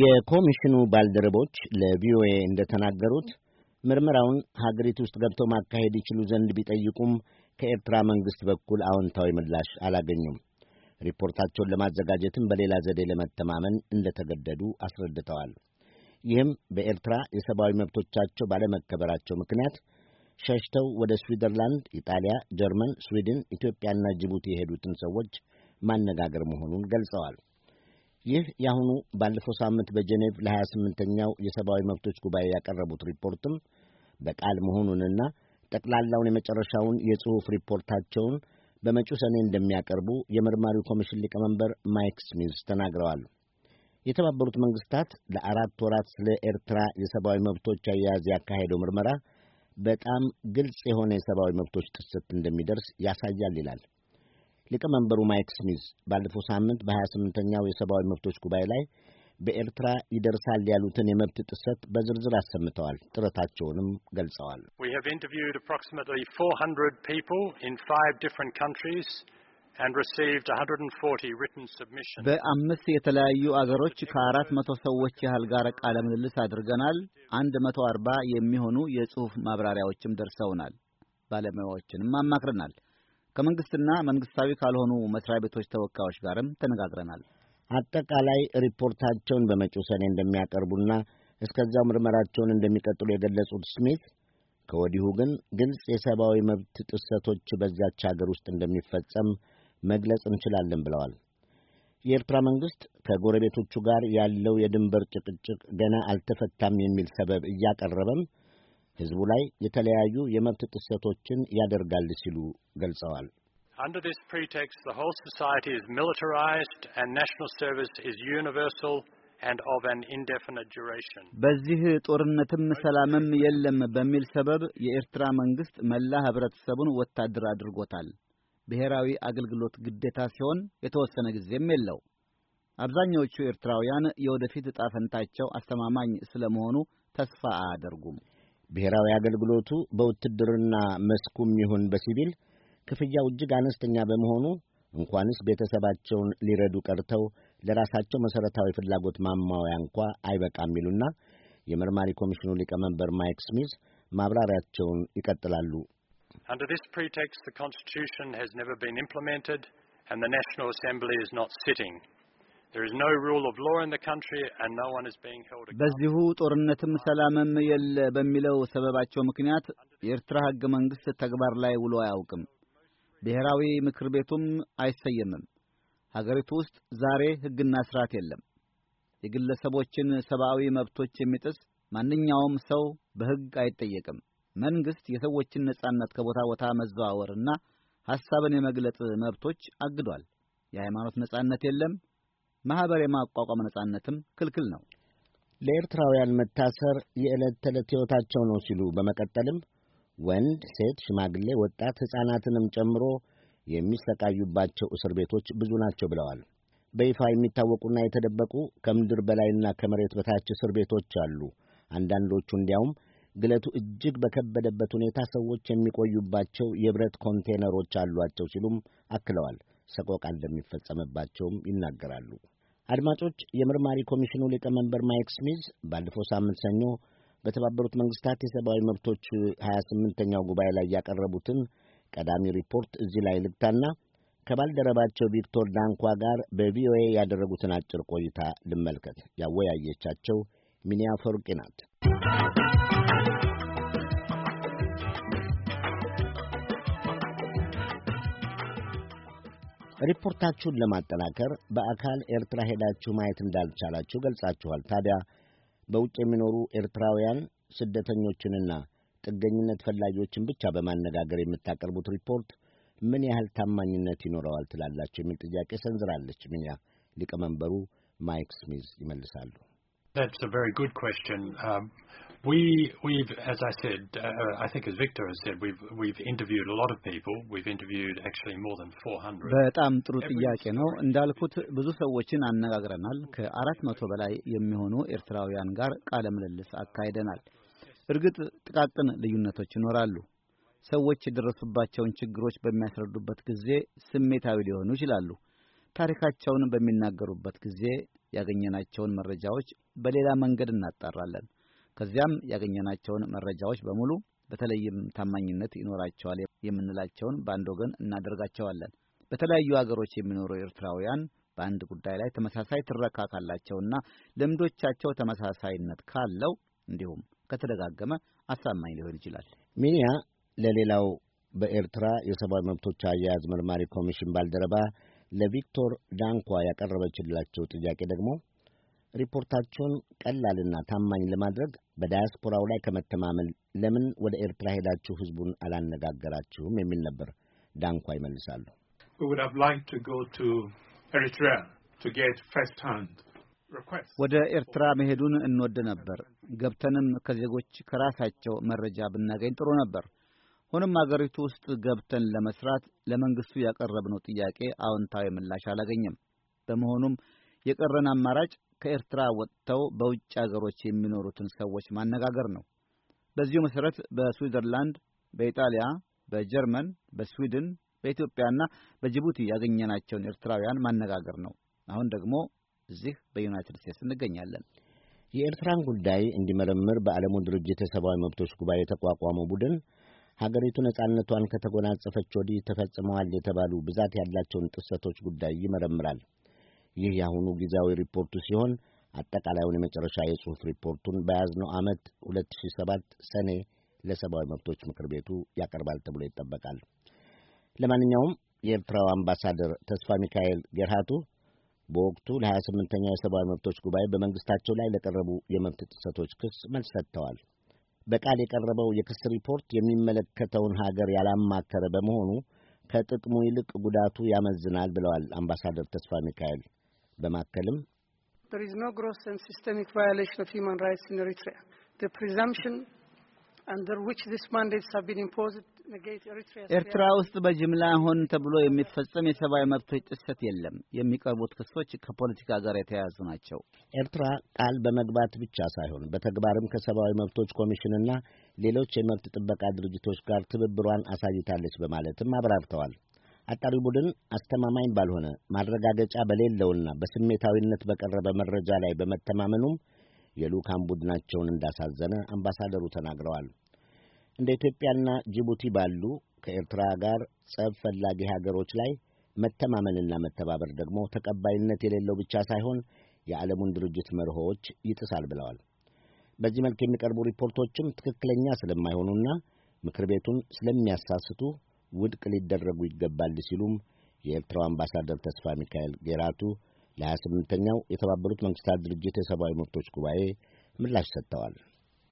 የኮሚሽኑ ባልደረቦች ለቪኦኤ እንደተናገሩት ምርመራውን ሀገሪቱ ውስጥ ገብቶ ማካሄድ ይችሉ ዘንድ ቢጠይቁም ከኤርትራ መንግሥት በኩል አዎንታዊ ምላሽ አላገኙም። ሪፖርታቸውን ለማዘጋጀትም በሌላ ዘዴ ለመተማመን እንደተገደዱ አስረድተዋል። ይህም በኤርትራ የሰብአዊ መብቶቻቸው ባለመከበራቸው ምክንያት ሸሽተው ወደ ስዊዘርላንድ፣ ኢጣሊያ፣ ጀርመን፣ ስዊድን፣ ኢትዮጵያና ጅቡቲ የሄዱትን ሰዎች ማነጋገር መሆኑን ገልጸዋል። ይህ የአሁኑ ባለፈው ሳምንት በጄኔቭ ለ28ኛው የሰብአዊ መብቶች ጉባኤ ያቀረቡት ሪፖርትም በቃል መሆኑንና ጠቅላላውን የመጨረሻውን የጽሑፍ ሪፖርታቸውን በመጪው ሰኔ እንደሚያቀርቡ የመርማሪው ኮሚሽን ሊቀመንበር ማይክ ስሚዝ ተናግረዋል። የተባበሩት መንግስታት ለአራት ወራት ስለ ኤርትራ የሰብአዊ መብቶች አያያዝ ያካሄደው ምርመራ በጣም ግልጽ የሆነ የሰብአዊ መብቶች ጥሰት እንደሚደርስ ያሳያል ይላል። ሊቀመንበሩ ማይክ ስሚዝ ባለፈው ሳምንት በ28ኛው የሰብአዊ መብቶች ጉባኤ ላይ በኤርትራ ይደርሳል ያሉትን የመብት ጥሰት በዝርዝር አሰምተዋል። ጥረታቸውንም ገልጸዋል። በአምስት የተለያዩ አገሮች ከአራት መቶ ሰዎች ያህል ጋር ቃለምልልስ አድርገናል። አንድ መቶ አርባ የሚሆኑ የጽሑፍ ማብራሪያዎችም ደርሰውናል። ባለሙያዎችንም አማክረናል። ከመንግስትና መንግስታዊ ካልሆኑ መስሪያ ቤቶች ተወካዮች ጋርም ተነጋግረናል። አጠቃላይ ሪፖርታቸውን በመጪው ሰኔ እንደሚያቀርቡና እስከዚያው ምርመራቸውን እንደሚቀጥሉ የገለጹት ስሚት ከወዲሁ ግን ግልጽ የሰብአዊ መብት ጥሰቶች በዚያች ሀገር ውስጥ እንደሚፈጸም መግለጽ እንችላለን ብለዋል። የኤርትራ መንግሥት ከጎረቤቶቹ ጋር ያለው የድንበር ጭቅጭቅ ገና አልተፈታም የሚል ሰበብ እያቀረበም ሕዝቡ ላይ የተለያዩ የመብት ጥሰቶችን ያደርጋል ሲሉ ገልጸዋል። በዚህ ጦርነትም ሰላምም የለም በሚል ሰበብ የኤርትራ መንግስት መላ ህብረተሰቡን ወታደር አድርጎታል። ብሔራዊ አገልግሎት ግዴታ ሲሆን የተወሰነ ጊዜም የለው። አብዛኛዎቹ ኤርትራውያን የወደፊት ዕጣ ፈንታቸው አስተማማኝ ስለመሆኑ ተስፋ አያደርጉም። ብሔራዊ አገልግሎቱ በውትድርና መስኩም ይሁን በሲቪል ክፍያው እጅግ አነስተኛ በመሆኑ እንኳንስ ቤተሰባቸውን ሊረዱ ቀርተው ለራሳቸው መሠረታዊ ፍላጎት ማማወያ እንኳ አይበቃም ይሉና የመርማሪ ኮሚሽኑ ሊቀመንበር ማይክ ስሚዝ ማብራሪያቸውን ይቀጥላሉ። Under this pretext, the Constitution has never been implemented and the National Assembly is በዚሁ ጦርነትም ሰላምም የለ በሚለው ሰበባቸው ምክንያት የኤርትራ ሕገ መንግሥት ተግባር ላይ ውሎ አያውቅም። ብሔራዊ ምክር ቤቱም አይሰየምም። ሀገሪቱ ውስጥ ዛሬ ሕግና ስርዓት የለም። የግለሰቦችን ሰብአዊ መብቶች የሚጥስ ማንኛውም ሰው በሕግ አይጠየቅም። መንግሥት የሰዎችን ነጻነት ከቦታ ቦታ መዘዋወርና ሐሳብን የመግለጽ መብቶች አግዷል። የሃይማኖት ነጻነት የለም። ማኅበር የማቋቋም ነጻነትም ክልክል ነው። ለኤርትራውያን መታሰር የዕለት ተዕለት ሕይወታቸው ነው ሲሉ በመቀጠልም ወንድ፣ ሴት፣ ሽማግሌ፣ ወጣት ሕፃናትንም ጨምሮ የሚሰቃዩባቸው እስር ቤቶች ብዙ ናቸው ብለዋል። በይፋ የሚታወቁና የተደበቁ ከምድር በላይና ከመሬት በታች እስር ቤቶች አሉ። አንዳንዶቹ እንዲያውም ግለቱ እጅግ በከበደበት ሁኔታ ሰዎች የሚቆዩባቸው የብረት ኮንቴነሮች አሏቸው ሲሉም አክለዋል። ሰቆቃ እንደሚፈጸምባቸውም ይናገራሉ። አድማጮች፣ የምርማሪ ኮሚሽኑ ሊቀመንበር ማይክ ስሚዝ ባለፈው ሳምንት ሰኞ በተባበሩት መንግስታት የሰብአዊ መብቶች ሀያ ስምንተኛው ጉባኤ ላይ ያቀረቡትን ቀዳሚ ሪፖርት እዚህ ላይ ልግታና ከባልደረባቸው ቪክቶር ዳንኳ ጋር በቪኦኤ ያደረጉትን አጭር ቆይታ ልመልከት። ያወያየቻቸው ሚኒያ ናት። ሪፖርታችሁን ለማጠናከር በአካል ኤርትራ ሄዳችሁ ማየት እንዳልቻላችሁ ገልጻችኋል። ታዲያ በውጭ የሚኖሩ ኤርትራውያን ስደተኞችንና ጥገኝነት ፈላጊዎችን ብቻ በማነጋገር የምታቀርቡት ሪፖርት ምን ያህል ታማኝነት ይኖረዋል ትላላችሁ? የሚል ጥያቄ ሰንዝራለች። ምኛ ሊቀመንበሩ ማይክ ስሚዝ ይመልሳሉ። We, we've, as I said, uh, I think as Victor has said, we've we've interviewed a lot of people. We've interviewed actually more than 400. በጣም ጥሩ ጥያቄ ነው። እንዳልኩት ብዙ ሰዎችን አነጋግረናል። ከአራት መቶ በላይ የሚሆኑ ኤርትራውያን ጋር ቃለ ምልልስ አካሂደናል። እርግጥ ጥቃቅን ልዩነቶች ይኖራሉ። ሰዎች የደረሱባቸውን ችግሮች በሚያስረዱበት ጊዜ ስሜታዊ ሊሆኑ ይችላሉ። ታሪካቸውን በሚናገሩበት ጊዜ ያገኘናቸውን መረጃዎች በሌላ መንገድ እናጣራለን። ከዚያም ያገኘናቸውን መረጃዎች በሙሉ በተለይም ታማኝነት ይኖራቸዋል የምንላቸውን በአንድ ወገን እናደርጋቸዋለን። በተለያዩ ሀገሮች የሚኖሩ ኤርትራውያን በአንድ ጉዳይ ላይ ተመሳሳይ ትረካ ካላቸውና ልምዶቻቸው ተመሳሳይነት ካለው እንዲሁም ከተደጋገመ አሳማኝ ሊሆን ይችላል። ሚኒያ ለሌላው በኤርትራ የሰብአዊ መብቶች አያያዝ መርማሪ ኮሚሽን ባልደረባ ለቪክቶር ዳንኳ ያቀረበችላቸው ጥያቄ ደግሞ ሪፖርታቸውን ቀላልና ታማኝ ለማድረግ በዳያስፖራው ላይ ከመተማመን ለምን ወደ ኤርትራ ሄዳችሁ ህዝቡን አላነጋገራችሁም የሚል ነበር። ዳንኳ ይመልሳሉ። ወደ ኤርትራ መሄዱን እንወድ ነበር። ገብተንም ከዜጎች ከራሳቸው መረጃ ብናገኝ ጥሩ ነበር። ሆኖም አገሪቱ ውስጥ ገብተን ለመስራት ለመንግስቱ ያቀረብነው ጥያቄ አዎንታዊ ምላሽ አላገኘም። በመሆኑም የቀረን አማራጭ ከኤርትራ ወጥተው በውጭ አገሮች የሚኖሩትን ሰዎች ማነጋገር ነው። በዚሁ መሰረት በስዊዘርላንድ፣ በኢጣሊያ፣ በጀርመን፣ በስዊድን፣ በኢትዮጵያና በጅቡቲ ያገኘናቸውን ኤርትራውያን ማነጋገር ነው። አሁን ደግሞ እዚህ በዩናይትድ ስቴትስ እንገኛለን። የኤርትራን ጉዳይ እንዲመረምር በዓለሙ ድርጅት የሰብአዊ መብቶች ጉባኤ የተቋቋመው ቡድን ሀገሪቱ ነጻነቷን ከተጎናጸፈች ወዲህ ተፈጽመዋል የተባሉ ብዛት ያላቸውን ጥሰቶች ጉዳይ ይመረምራል። ይህ የአሁኑ ጊዜያዊ ሪፖርቱ ሲሆን አጠቃላዩን የመጨረሻ የጽሑፍ ሪፖርቱን በያዝነው ዓመት 2007 ሰኔ ለሰብአዊ መብቶች ምክር ቤቱ ያቀርባል ተብሎ ይጠበቃል። ለማንኛውም የኤርትራው አምባሳደር ተስፋ ሚካኤል ጌርሃቱ በወቅቱ ለ28ኛው የሰብአዊ መብቶች ጉባኤ በመንግስታቸው ላይ ለቀረቡ የመብት ጥሰቶች ክስ መልስ ሰጥተዋል። በቃል የቀረበው የክስ ሪፖርት የሚመለከተውን ሀገር ያላማከረ በመሆኑ ከጥቅሙ ይልቅ ጉዳቱ ያመዝናል ብለዋል አምባሳደር ተስፋ ሚካኤል። በማከልም ኤርትራ ውስጥ በጅምላ ሆን ተብሎ የሚፈጸም የሰብአዊ መብቶች ጥሰት የለም። የሚቀርቡት ክሶች ከፖለቲካ ጋር የተያያዙ ናቸው። ኤርትራ ቃል በመግባት ብቻ ሳይሆን በተግባርም ከሰብአዊ መብቶች ኮሚሽንና ሌሎች የመብት ጥበቃ ድርጅቶች ጋር ትብብሯን አሳይታለች በማለትም አብራርተዋል። አጣሪ ቡድን አስተማማኝ ባልሆነ ማረጋገጫ በሌለውና በስሜታዊነት በቀረበ መረጃ ላይ በመተማመኑም የልዑካን ቡድናቸውን እንዳሳዘነ አምባሳደሩ ተናግረዋል። እንደ ኢትዮጵያና ጅቡቲ ባሉ ከኤርትራ ጋር ጸብ ፈላጊ ሀገሮች ላይ መተማመንና መተባበር ደግሞ ተቀባይነት የሌለው ብቻ ሳይሆን የዓለሙን ድርጅት መርሆዎች ይጥሳል ብለዋል። በዚህ መልክ የሚቀርቡ ሪፖርቶችም ትክክለኛ ስለማይሆኑና ምክር ቤቱን ስለሚያሳስቱ ውድቅ ሊደረጉ ይገባል ሲሉም የኤርትራው አምባሳደር ተስፋ ሚካኤል ጌራቱ ለ28ኛው የተባበሩት መንግስታት ድርጅት የሰብአዊ መብቶች ጉባኤ ምላሽ ሰጥተዋል።